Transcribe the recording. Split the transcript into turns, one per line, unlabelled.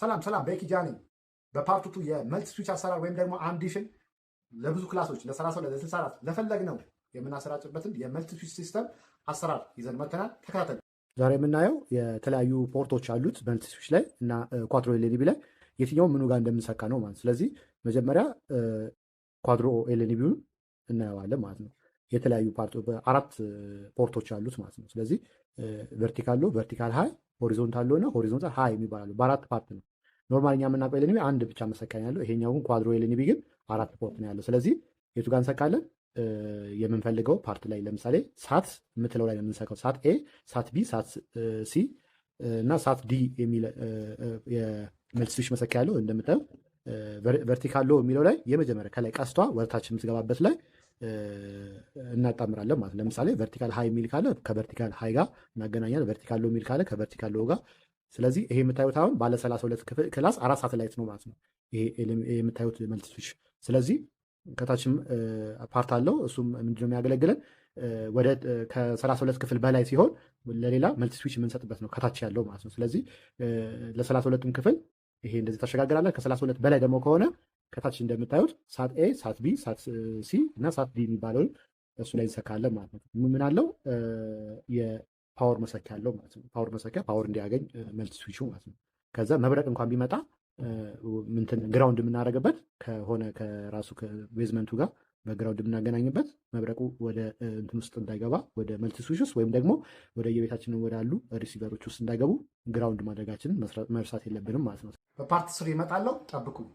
ሰላም ሰላም በኪጃ ነኝ። በፓርቱቱ የመልቲ ስዊች አሰራር ወይም ደግሞ አምዲሽን ለብዙ ክላሶች ለ30 ለ64 ለፈለግ ነው የምናሰራጭበትን የመልቲ ስዊች ሲስተም አሰራር ይዘን መተናል። ተከታተሉ።
ዛሬ የምናየው የተለያዩ ፖርቶች አሉት መልቲ ስዊች ላይ እና ኳድሮ ኤልኤንቢ ላይ የትኛው ምኑ ጋር እንደምንሰካ ነው ማለት። ስለዚህ መጀመሪያ ኳድሮ ኤልኤንቢውን እናየዋለን ማለት ነው። የተለያዩ አራት ፖርቶች አሉት ማለት ነው። ስለዚህ ቨርቲካል ሎ፣ ቨርቲካል ሃይ ሆሪዞንታል ሎና ሆሪዞንታል ሀይ የሚባላሉ በአራት ፓርት ነው። ኖርማል እኛ የምናውቀው ኤልኒቢ አንድ ብቻ መሰካኝ ያለው ይሄኛው ግን ኳድሮ ኤልኒቢ ግን አራት ፖርት ነው ያለው። ስለዚህ የቱ ጋር እንሰካለን? የምንፈልገው ፓርት ላይ ለምሳሌ ሳት የምትለው ላይ የምንሰካው ሳት ኤ፣ ሳት ቢ፣ ሳት ሲ እና ሳት ዲ የሚል ስዊች መሰኪያ ያለው እንደምታየው ቨርቲካል ሎ የሚለው ላይ የመጀመሪያ ከላይ ቀስቷ ወደታች የምትገባበት ላይ እናጣምራለን ማለት ለምሳሌ ቨርቲካል ሀይ የሚል ካለ ከቨርቲካል ሀይ ጋር እናገናኛለን። ቨርቲካል ሎ የሚል ካለ ከቨርቲካል ሎ ጋር። ስለዚህ ይሄ የምታዩት አሁን ባለ 32 ሁለት ክላስ አራት ሳተላይት ነው ማለት ነው ይሄ የምታዩት መልቲስዊች። ስለዚህ ከታችም ፓርት አለው እሱም ምንድነው የሚያገለግለን ወደ ከሰላሳ ሁለት ክፍል በላይ ሲሆን ለሌላ መልቲስዊች የምንሰጥበት ነው ከታች ያለው ማለት ነው። ስለዚህ ለሰላሳ ሁለቱም ክፍል ይሄ እንደዚህ ተሸጋግራለን ከሰላሳ ሁለት በላይ ደግሞ ከሆነ ከታች እንደምታዩት ሳት ኤ፣ ሳት ቢ፣ ሳት ሲ እና ሳት ዲ የሚባለውን እሱ ላይ እንሰካለን ማለት ነው። ምን አለው የፓወር መሰኪያ አለው ማለት ነው። ፓወር መሰኪያ ፓወር እንዲያገኝ መልት ስዊቹ ማለት ነው። ከዛ መብረቅ እንኳን ቢመጣ ምንትን ግራውንድ የምናደርግበት ከሆነ ከራሱ ቤዝመንቱ ጋር በግራውንድ የምናገናኝበት መብረቁ ወደ እንትን ውስጥ እንዳይገባ ወደ መልቲ ስዊች ውስጥ ወይም ደግሞ ወደ የቤታችን ወዳሉ ሪሲቨሮች ውስጥ እንዳይገቡ ግራውንድ ማድረጋችንን መርሳት የለብንም ማለት ነው።
በፓርት ስሪ ይመጣለው ጠብቁኝ።